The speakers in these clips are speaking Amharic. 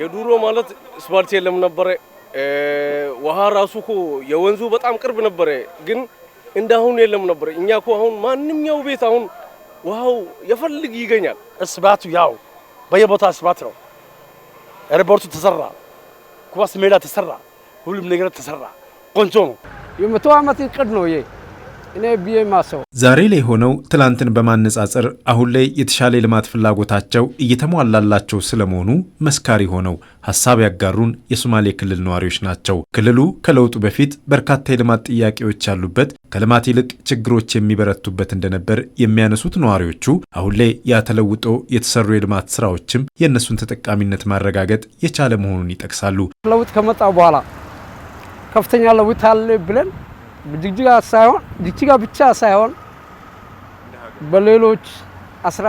የዱሮ ማለት ስፓርት የለም ነበረ። ውሃ ራሱ እኮ የወንዙ በጣም ቅርብ ነበረ፣ ግን እንደ አሁን የለም ነበረ። እኛ እኮ አሁን ማንኛው ቤት አሁን ውሃው የፈልግ ይገኛል። እስባቱ ያው በየቦታ እስባት ነው። ኤርፖርቱ ተሰራ፣ ኳስ ሜዳ ተሰራ፣ ሁሉም ነገር ተሰራ። ቆንጆ ነው። የመቶ ዓመት እቅድ ነው ይሄ። እኔ ብዬ ማሰው ዛሬ ላይ ሆነው ትላንትን በማነጻጸር አሁን ላይ የተሻለ ልማት ፍላጎታቸው እየተሟላላቸው ስለመሆኑ መስካሪ ሆነው ሀሳብ ያጋሩን የሶማሌ ክልል ነዋሪዎች ናቸው። ክልሉ ከለውጡ በፊት በርካታ የልማት ጥያቄዎች ያሉበት ከልማት ይልቅ ችግሮች የሚበረቱበት እንደነበር የሚያነሱት ነዋሪዎቹ አሁን ላይ ያተለውጦ የተሰሩ የልማት ስራዎችም የእነሱን ተጠቃሚነት ማረጋገጥ የቻለ መሆኑን ይጠቅሳሉ። ለውጥ ከመጣ በኋላ ከፍተኛ ለውጥ አለ ብለን ጅግጅጋ ሳይሆን ጅግጅጋ ብቻ ሳይሆን በሌሎች አስራ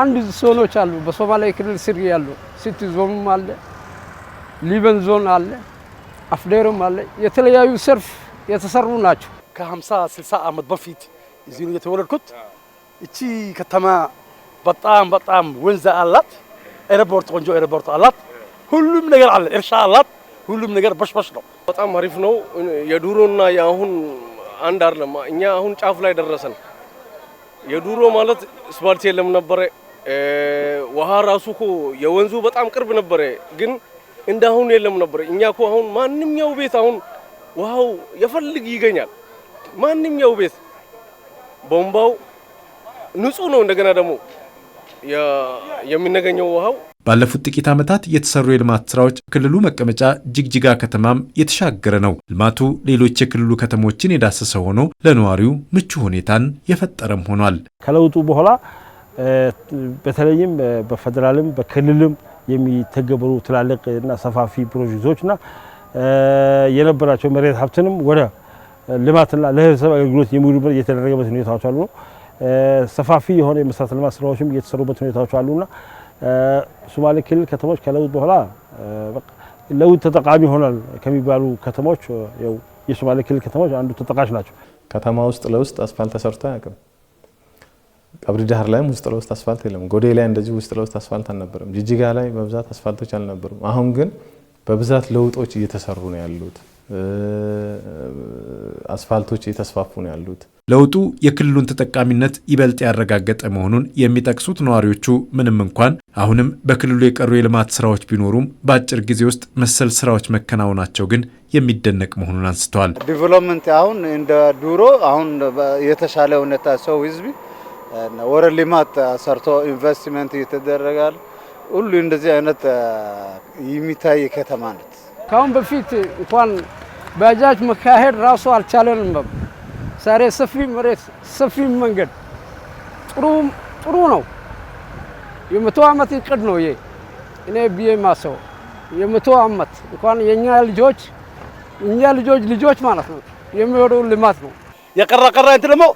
አንድ ዞኖች አሉ። በሶማሌ ክልል ስር ያሉ ሲቲ ዞንም አለ፣ ሊበን ዞን አለ፣ አፍዴርም አለ። የተለያዩ ሰርፍ የተሰሩ ናቸው። ከሀምሳ ስልሳ ዓመት በፊት እዚህ ነው የተወለድኩት። እቺ ከተማ በጣም በጣም ወንዝ አላት፣ ኤርፖርት ቆንጆ ኤርፖርት አላት፣ ሁሉም ነገር አለ፣ እርሻ አላት፣ ሁሉም ነገር በሽበሽ ነው። በጣም አሪፍ ነው። የዱሮና የአሁን አንድ አይደለም። እኛ አሁን ጫፍ ላይ ደረሰን። የዱሮ ማለት ስፓልት የለም ነበረ። ውሃ ራሱ እኮ የወንዙ በጣም ቅርብ ነበረ፣ ግን እንደ አሁን የለም ነበረ። እኛ እኮ አሁን ማንኛው ቤት አሁን ውሃው የፈልግ ይገኛል። ማንኛው ቤት ቦምባው ንጹህ ነው። እንደገና ደግሞ የሚነገኘው ውሃው ባለፉት ጥቂት ዓመታት የተሰሩ የልማት ስራዎች ክልሉ መቀመጫ ጅግጅጋ ከተማም የተሻገረ ነው። ልማቱ ሌሎች የክልሉ ከተሞችን የዳሰሰ ሆኖ ለነዋሪው ምቹ ሁኔታን የፈጠረም ሆኗል። ከለውጡ በኋላ በተለይም በፌዴራልም በክልልም የሚተገበሩ ትላልቅ እና ሰፋፊ ፕሮጀክቶችና የነበራቸው መሬት ሀብትንም ወደ ልማትና ለህብረተሰብ አገልግሎት የሚውሉበት የተደረገበት ሁኔታዎች አሉ። ሰፋፊ የሆነ የመሰረተ ልማት ስራዎችም እየተሰሩበት ሁኔታዎች አሉና ሶማሌ ክልል ከተሞች ከለውጥ በኋላ ለውጥ ተጠቃሚ ይሆናል ከሚባሉ ከተሞች የሶማሌ ክልል ከተሞች አንዱ ተጠቃሽ ናቸው። ከተማ ውስጥ ለውስጥ አስፋልት ተሰርቶ አያውቅም። ቀብሪ ዳህር ላይም ውስጥ ለውስጥ አስፋልት የለም። ጎዴ ላይ እንደዚህ ውስጥ ለውስጥ አስፋልት አልነበረም። ጅጅጋ ላይ በብዛት አስፋልቶች አልነበሩም። አሁን ግን በብዛት ለውጦች እየተሰሩ ነው ያሉት። አስፋልቶች እየተስፋፉ ነው ያሉት። ለውጡ የክልሉን ተጠቃሚነት ይበልጥ ያረጋገጠ መሆኑን የሚጠቅሱት ነዋሪዎቹ ምንም እንኳን አሁንም በክልሉ የቀሩ የልማት ስራዎች ቢኖሩም በአጭር ጊዜ ውስጥ መሰል ስራዎች መከናወናቸው ግን የሚደነቅ መሆኑን አንስተዋል። ዲቨሎፕመንት አሁን እንደ ዱሮ አሁን የተሻለ ሁኔታ ሰው ህዝብ ወረ ልማት ሰርቶ ኢንቨስትመንት እየተደረጋል ሁሉ እንደዚህ አይነት የሚታይ ከተማ ነት ከአሁን በፊት እንኳን ባጃጅ መካሄድ ራሱ አልቻለንም። ዛሬ ሰፊ መሬት፣ ሰፊ መንገድ ጥሩ ጥሩ ነው። የመቶ ዓመት እቅድ ነው ይሄ እኔ ብዬ ማሰው የመቶ ዓመት እንኳን የእኛ ልጆች እኛ ልጆች ልጆች ማለት ነው የሚወደው ልማት ነው። የቀረ ቀረ እንትን ደግሞ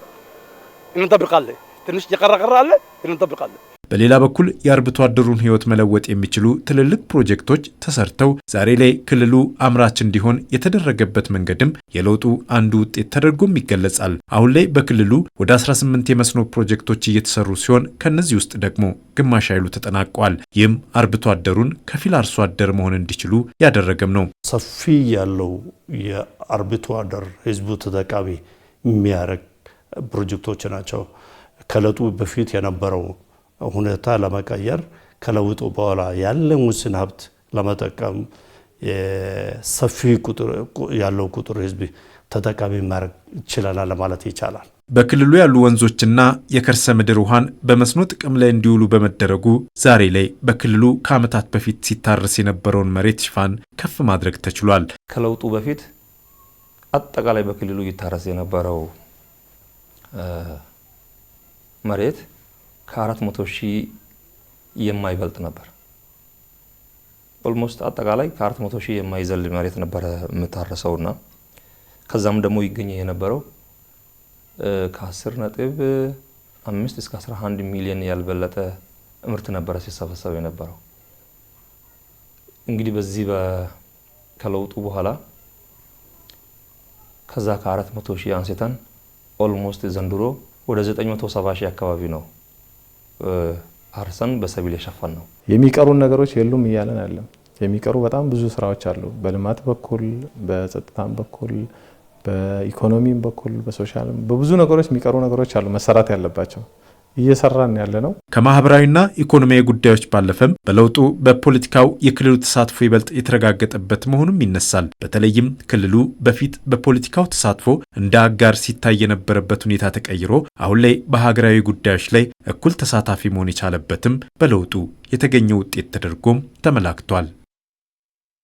እንጠብቃለን። ትንሽ የቀረ አለ እንጠብቃለን። በሌላ በኩል የአርብቶ አደሩን ህይወት መለወጥ የሚችሉ ትልልቅ ፕሮጀክቶች ተሰርተው ዛሬ ላይ ክልሉ አምራች እንዲሆን የተደረገበት መንገድም የለውጡ አንዱ ውጤት ተደርጎም ይገለጻል። አሁን ላይ በክልሉ ወደ 18 የመስኖ ፕሮጀክቶች እየተሰሩ ሲሆን ከእነዚህ ውስጥ ደግሞ ግማሽ ኃይሉ ተጠናቋል። ይህም አርብቶ አደሩን ከፊል አርሶ አደር መሆን እንዲችሉ ያደረገም ነው። ሰፊ ያለው የአርብቶ አደር ህዝቡ ተጠቃሚ የሚያደርግ ፕሮጀክቶች ናቸው። ከለውጡ በፊት የነበረው ሁኔታ ለመቀየር ከለውጡ በኋላ ያለን ውስን ሀብት ለመጠቀም ሰፊ ያለው ቁጥር ህዝብ ተጠቃሚ ማድረግ ይችላል ለማለት ይቻላል። በክልሉ ያሉ ወንዞችና የከርሰ ምድር ውሃን በመስኖ ጥቅም ላይ እንዲውሉ በመደረጉ ዛሬ ላይ በክልሉ ከዓመታት በፊት ሲታረስ የነበረውን መሬት ሽፋን ከፍ ማድረግ ተችሏል። ከለውጡ በፊት አጠቃላይ በክልሉ ይታረስ የነበረው መሬት ከአራት መቶ ሺህ የማይበልጥ ነበር። ኦልሞስት አጠቃላይ ከአራት መቶ ሺህ የማይዘል መሬት ነበረ እና ከዛም ደግሞ ይገኘ የነበረው ከ1ስ ከአስር ነጥብ አምስት እስከ 11 ሚሊዮን ያልበለጠ ምርት ነበረ ሲሰበሰብ የነበረው። እንግዲህ በዚህ ከለውጡ በኋላ ከዛ ከ400 ሺህ አንስተን ኦልሞስት ዘንድሮ ወደ 970 ሺህ አካባቢ ነው አርሰን በሰብል የሸፈን ነው። የሚቀሩን ነገሮች የሉም እያለን አለም። የሚቀሩ በጣም ብዙ ስራዎች አሉ። በልማት በኩል በጸጥታም በኩል በኢኮኖሚም በኩል በሶሻልም በብዙ ነገሮች የሚቀሩ ነገሮች አሉ መሰራት ያለባቸው እየሰራን ያለ ነው። ከማህበራዊና ኢኮኖሚያዊ ጉዳዮች ባለፈም በለውጡ በፖለቲካው የክልሉ ተሳትፎ ይበልጥ የተረጋገጠበት መሆኑም ይነሳል። በተለይም ክልሉ በፊት በፖለቲካው ተሳትፎ እንደ አጋር ሲታይ የነበረበት ሁኔታ ተቀይሮ አሁን ላይ በሀገራዊ ጉዳዮች ላይ እኩል ተሳታፊ መሆን የቻለበትም በለውጡ የተገኘ ውጤት ተደርጎም ተመላክቷል።